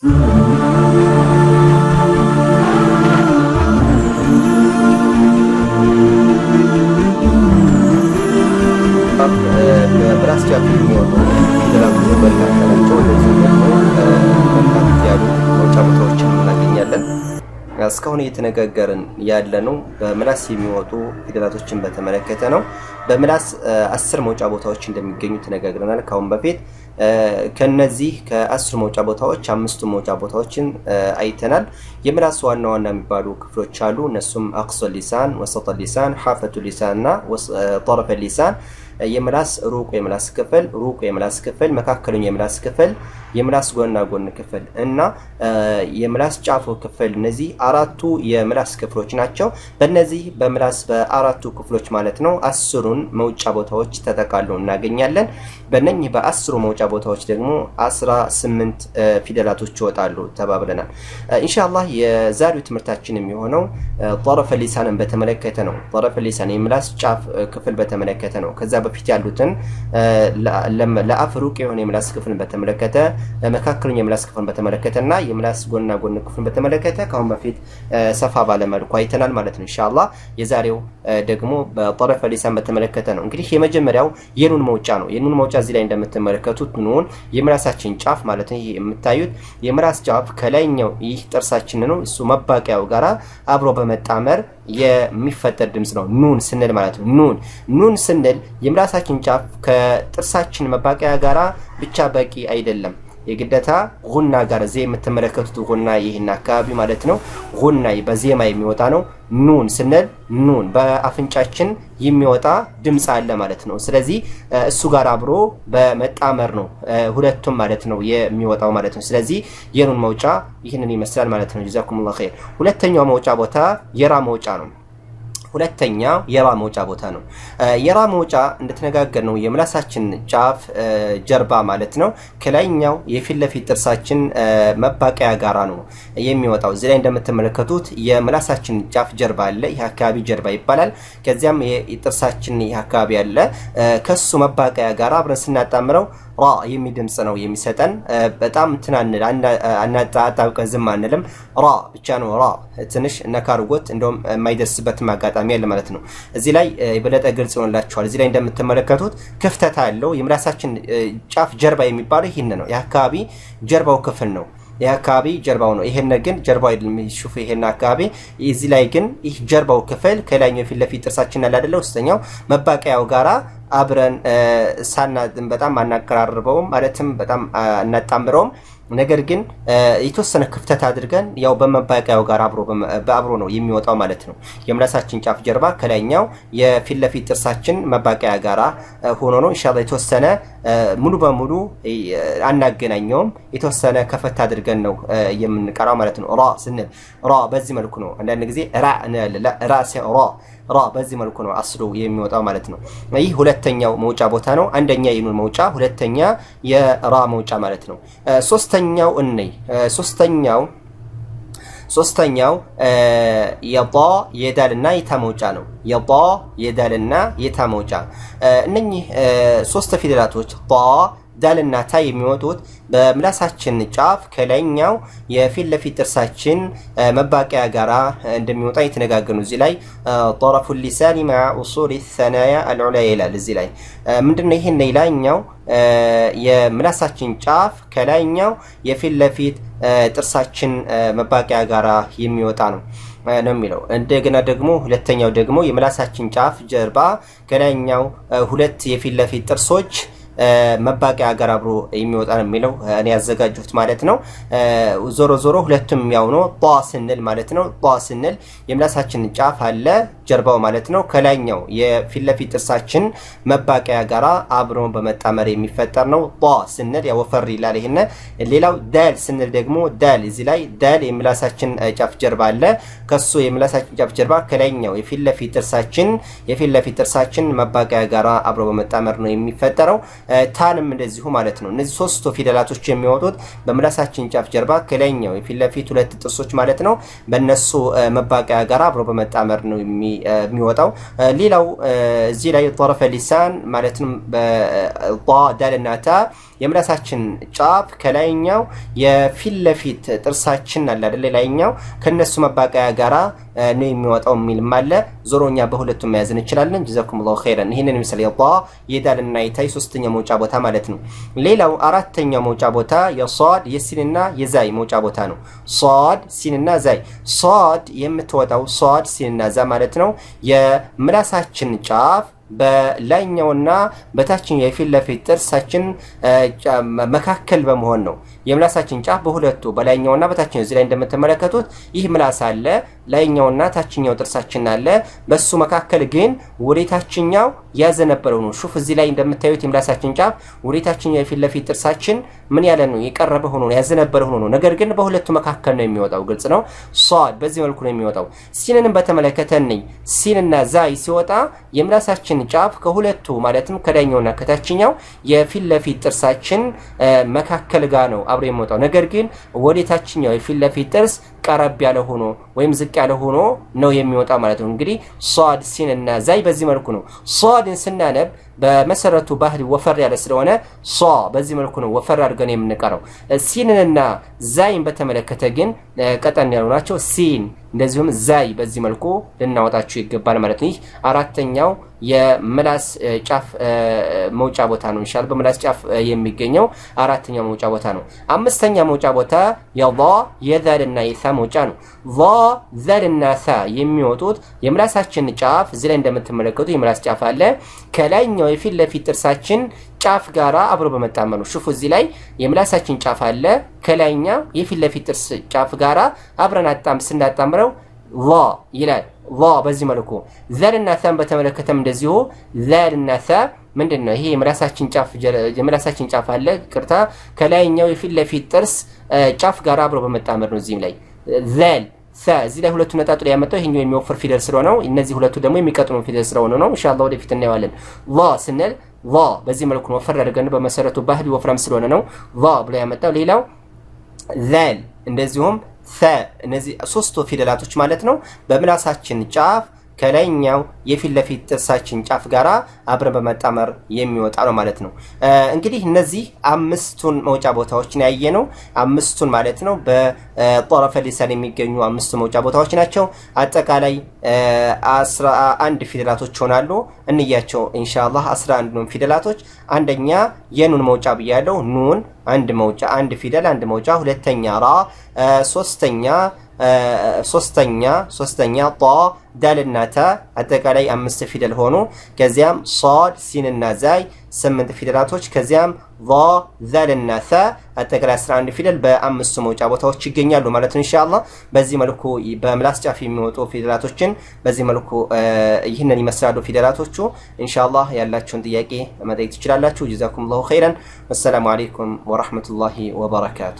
እስካሁን እየተነጋገርን ያለ ነው በምላስ የሚወጡ ፊደላቶችን በተመለከተ ነው። በምላስ አስር መውጫ ቦታዎች እንደሚገኙ ተነጋግረናል ከአሁን በፊት። ከነዚህ ከአስር መውጫ ቦታዎች አምስቱ መውጫ ቦታዎችን አይተናል። የምላስ ዋና ዋና የሚባሉ ክፍሎች አሉ። እነሱም አቅሶ ሊሳን፣ ወሰጠ ሊሳን፣ ሓፈቱ ሊሳን እና ጠረፈ ሊሳን የምላስ ሩቁ የምላስ ክፍል፣ ሩቁ የምላስ ክፍል፣ መካከለኛ የምላስ ክፍል፣ የምላስ ጎና ጎን ክፍል እና የምላስ ጫፉ ክፍል እነዚህ አራቱ የምላስ ክፍሎች ናቸው። በእነዚህ በምላስ በአራቱ ክፍሎች ማለት ነው አስሩን መውጫ ቦታዎች ተጠቃሉ እናገኛለን። በእነኚህ በአስሩ መውጫ ቦታዎች ደግሞ አስራ ስምንት ፊደላቶች ይወጣሉ ተባብለናል። ኢንሻአላህ የዛሬው ትምህርታችን የሚሆነው ጠረፈ ሊሳንን በተመለከተ ነው። ጠረፈ ሊሳን የምላስ ጫፍ ክፍል በተመለከተ ነው። ከዛ በፊት ያሉትን ለአፍ ሩቅ የሆነ የምላስ ክፍልን በተመለከተ መካከለኛ የምላስ ክፍልን በተመለከተ እና የምላስ ጎንና ጎን ክፍልን በተመለከተ ከአሁን በፊት ሰፋ ባለመልኩ አይተናል ማለት ነው። እንሻላ የዛሬው ደግሞ በጠረፈ ሊሳን በተመለከተ ነው። እንግዲህ የመጀመሪያው የኑን መውጫ ነው። የኑን መውጫ እዚህ ላይ እንደምትመለከቱት ኑን የምላሳችን ጫፍ ማለት ነው። ይህ የምታዩት የምላስ ጫፍ ከላይኛው ይህ ጥርሳችን ነው። እሱ መባቂያው ጋራ አብሮ በመጣመር የሚፈጠር ድምፅ ነው ኑን ስንል ማለት ነው። ኑን ኑን ስንል የምላሳችን ጫፍ ከጥርሳችን መባቂያ ጋር ብቻ በቂ አይደለም። የግደታ ጉና ጋር ዜ የምትመለከቱት ጉና ይህን አካባቢ ማለት ነው። ጉና በዜማ የሚወጣ ነው። ኑን ስንል ኑን በአፍንጫችን የሚወጣ ድምፅ አለ ማለት ነው። ስለዚህ እሱ ጋር አብሮ በመጣመር ነው ሁለቱም ማለት ነው የሚወጣው ማለት ነው። ስለዚህ የኑን መውጫ ይህንን ይመስላል ማለት ነው። ጀዛኩሙላሁ ኸይር። ሁለተኛው መውጫ ቦታ የራ መውጫ ነው። ሁለተኛ የራ መውጫ ቦታ ነው። የራ መውጫ እንደተነጋገር ነው የምላሳችን ጫፍ ጀርባ ማለት ነው ከላይኛው የፊት ለፊት ጥርሳችን መባቀያ ጋራ ነው የሚወጣው። እዚህ ላይ እንደምትመለከቱት የምላሳችን ጫፍ ጀርባ አለ። ይህ አካባቢ ጀርባ ይባላል። ከዚያም የጥርሳችን ይህ አካባቢ አለ። ከሱ መባቀያ ጋራ አብረን ስናጣምረው ራ የሚል ድምፅ ነው የሚሰጠን። በጣም እንትን አናጣጣብቀ ዝም አንልም። ራ ብቻ ነው ራ ትንሽ ነካርጎት እንደውም የማይደርስበትም አጋጣሚ ያለ ማለት ነው። እዚህ ላይ የበለጠ ግልጽ ይሆንላቸዋል። እዚህ ላይ እንደምትመለከቱት ክፍተት አለው። የምላሳችን ጫፍ ጀርባ የሚባለው ይህን ነው። የአካባቢ ጀርባው ክፍል ነው። ይህ አካባቢ ጀርባው ነው። ይሄን ግን ጀርባው አይደለም። ሹፍ ይሄን አካባቢ እዚህ ላይ ግን ይህ ጀርባው ክፍል ከላይኛው የፊት ለፊት ጥርሳችን አይደለ ውስጠኛው መባቀያው ጋራ አብረን ሳና በጣም አናቀራርበውም ማለትም በጣም አናጣምረውም። ነገር ግን የተወሰነ ክፍተት አድርገን ያው በመባቂያው ጋር በአብሮ ነው የሚወጣው ማለት ነው። የምላሳችን ጫፍ ጀርባ ከላይኛው የፊት ለፊት ጥርሳችን መባቂያ ጋር ሆኖ ነው ኢንሻላህ የተወሰነ ሙሉ በሙሉ አናገናኘውም። የተወሰነ ከፈት አድርገን ነው የምንቀራው ማለት ነው። ራ ስንል ራ በዚህ መልኩ ነው። አንዳንድ ጊዜ ራ እንላለን ራ ራ በዚህ መልኩ ነው አስሉ የሚወጣው ማለት ነው። ይህ ሁለተኛው መውጫ ቦታ ነው። አንደኛ የኑን መውጫ፣ ሁለተኛ የራ መውጫ ማለት ነው። ሶስተኛው እነይ ሶስተኛው ሶስተኛው የጣ የዳልና የታ መውጫ ነው። የጣ የዳልና የታ መውጫ እነኚህ ሶስት ፊደላቶች ጣ ዳልና ታ የሚወጡት በምላሳችን ጫፍ ከላይኛው የፊት ለፊት ጥርሳችን መባቂያ ጋራ እንደሚወጣ የተነጋገኑ። እዚህ ላይ ጠረፉ ሊሳኒ ማ ኡሱል ሰናያ አልዑላ ይላል። እዚህ ላይ ምንድነው? ይህን ላይኛው የምላሳችን ጫፍ ከላይኛው የፊት ለፊት ጥርሳችን መባቂያ ጋራ የሚወጣ ነው ነው የሚለው። እንደገና ደግሞ ሁለተኛው ደግሞ የምላሳችን ጫፍ ጀርባ ከላይኛው ሁለት የፊት ለፊት ጥርሶች መባቂያ ሀገር አብሮ የሚወጣ ነው የሚለው እኔ ያዘጋጁት ማለት ነው። ዞሮ ዞሮ ሁለቱም ያው ነው። ጧ ስንል ማለት ነው። ጧ ስንል የምላሳችን ጫፍ አለ ጀርባው ማለት ነው ከላይኛው የፊት ለፊት ጥርሳችን መባቂያ ጋራ አብሮ በመጣመር የሚፈጠር ነው። ጧ ስንል ያወፈር ይላል። ይሄን ሌላው ዳል ስንል ደግሞ ዳል እዚህ ላይ ዳል የምላሳችን ጫፍ ጀርባ አለ። ከሱ የምላሳችን ጫፍ ጀርባ ከላይኛው የፊት ለፊት ጥርሳችን የፊት ለፊት ጥርሳችን መባቂያ ጋራ አብሮ በመጣመር ነው የሚፈጠረው። ታንም እንደዚሁ ማለት ነው። እነዚህ ሶስቱ ፊደላቶች የሚወጡት በምላሳችን ጫፍ ጀርባ ከላይኛው የፊት ለፊት ሁለት ጥርሶች ማለት ነው በነሱ መባቂያ ጋራ አብሮ በመጣመር ነው የሚ آه، ميوتاو آه، ليلو آه، زي لاي طرف اللسان مالتن ب دال الناتا የምላሳችን ጫፍ ከላይኛው የፊት ለፊት ጥርሳችን አለ አይደል? ላይኛው ከነሱ መባቀያ ጋራ ነው የሚወጣው የሚልም አለ። ዞሮኛ በሁለቱም መያዝ እንችላለን። ጀዛኩሙላሁ ኸይረን። ይህንን ምሳሌ ጣ የዳልና የታይ ሶስተኛው መውጫ ቦታ ማለት ነው። ሌላው አራተኛው መውጫ ቦታ የሷድ የሲንና የዛይ መውጫ ቦታ ነው። ሷድ ሲንና ዛይ ሷድ የምትወጣው ሷድ ሲንና ዛ ማለት ነው የምላሳችን ጫፍ በላይኛውና በታችኛው የፊት ለፊት ጥርሳችን መካከል በመሆን ነው። የምላሳችን ጫፍ በሁለቱ በላይኛውና በታችኛው እዚህ ላይ እንደምትመለከቱት ይህ ምላስ አለ። ላይኛውና ታችኛው ጥርሳችን አለ። በሱ መካከል ግን ወደ ታችኛው ያዘ ነበረው ነው። ሹፍ እዚህ ላይ እንደምታዩት የምላሳችን ጫፍ ወደ ታችኛው የፊት ለፊት ጥርሳችን ምን ያለ ነው? የቀረበ ሆኖ ነው፣ ያዘ ሆኖ ነው። ነገር ግን በሁለቱ መካከል ነው የሚወጣው። ግልጽ ነው። ሷድ በዚህ መልኩ ነው የሚወጣው። ሲንንም በተመለከተንኝ ሲንና ዛይ ሲወጣ የምላሳችን የላይን ጫፍ ከሁለቱ ማለትም ከዳኛውና ከታችኛው የፊት ለፊት ጥርሳችን መካከል ጋር ነው አብሮ የሚወጣው። ነገር ግን ወደ ታችኛው የፊት ለፊት ጥርስ ቀረብ ያለ ሆኖ ወይም ዝቅ ያለ ሆኖ ነው የሚወጣው ማለት ነው። እንግዲህ ሷድ ሲን እና ዛይ በዚህ መልኩ ነው ሷድን ስናነብ በመሰረቱ ባህሪ ወፈር ያለ ስለሆነ ሷ በዚህ መልኩ ነው ወፈር አድርገን የምንቀረው። ሲንንና ዛይን በተመለከተ ግን ቀጠን ያሉ ናቸው። ሲን እንደዚሁም ዛይ በዚህ መልኩ ልናወጣቸው ይገባል ማለት ነው። ይህ አራተኛው የምላስ ጫፍ መውጫ ቦታ ነው። ይሻል በምላስ ጫፍ የሚገኘው አራተኛው መውጫ ቦታ ነው። አምስተኛ መውጫ ቦታ የዛ የዛልና የሳ መውጫ ነው። ዛ ሳ የሚወጡት የምላሳችን ጫፍ እዚህ ላይ እንደምትመለከቱ የምላስ ጫፍ አለ ከላይኛው የፊት ለፊት ጥርሳችን ጫፍ ጋራ አብሮ በመጣመ ነው። ሽፉ እዚህ ላይ የምላሳችን ጫፍ አለ። ከላይኛው የፊት ለፊት ጥርስ ጫፍ ጋራ አብረን አጣም ስናጣምረው ሎ ይላል። ሎ በዚህ መልኩ እና ሰን በተመለከተም እንደዚሁ እና ሰ ምንድን ነው ይሄ የምላሳችን ጫፍ አለ። ቅርታ ከላይኛው የፊት ለፊት ጥርስ ጫፍ ጋራ አብሮ በመጣመር ነው። እዚህም ላይ ዘል እዚህ ላይ ሁለቱ ነጣጥሎ ያመጣው ይሄኛው የሚወፍር ፊደል ነው። እነዚህ ሁለቱ ደግሞ የሚቀጥሙ ፊደል ስለሆነ ነው። ኢንሻአላህ ወደፊት እናየዋለን። ላ ስንል ላ በዚህ መልኩ ወፈር አድርገን በመሰረቱ ባህሪ ወፍራም ስለሆነ ነው ላ ብሎ ያመጣው። ሌላው ዛል እንደዚሁም እነዚህ ሶስቱ ፊደላቶች ማለት ነው በምላሳችን ጫፍ ከላይኛው የፊት ለፊት ጥርሳችን ጫፍ ጋር አብረን በመጣመር የሚወጣ ነው ማለት ነው። እንግዲህ እነዚህ አምስቱን መውጫ ቦታዎችን ያየ ነው። አምስቱን ማለት ነው በጦረፈ ሊሳን የሚገኙ አምስቱ መውጫ ቦታዎች ናቸው። አጠቃላይ አስራ አንድ ፊደላቶች ይሆናሉ። እንያቸው ኢንሻአላህ አስራ አንዱን ፊደላቶች አንደኛ የኑን መውጫ ብያለው። ኑን አንድ መውጫ አንድ ፊደል አንድ መውጫ። ሁለተኛ ራ፣ ሶስተኛ ሶስተኛ ሶስተኛ ጦ ዳልና አጠቃላይ አምስት ፊደል ሆኑ። ከዚያም ሶድ ሲንና ዛይ ስምንት ፊደላቶች ከዚያም ቫ ዛልና ሳ አጠቃላይ 11 ፊደል በአምስቱ መውጫ ቦታዎች ይገኛሉ ማለት ነው። ኢንሻአላህ በዚህ መልኩ በምላስ ጫፍ የሚወጡ ፊደላቶችን በዚህ መልኩ ይህንን ይመስላሉ ፊደላቶቹ። ኢንሻአላህ ያላችሁን ጥያቄ መጠየቅ ትችላላችሁ። ጀዛኩም ላሁ ኸይረን። ወሰላሙ አለይኩም ወራህመቱላሂ ወበረካቱ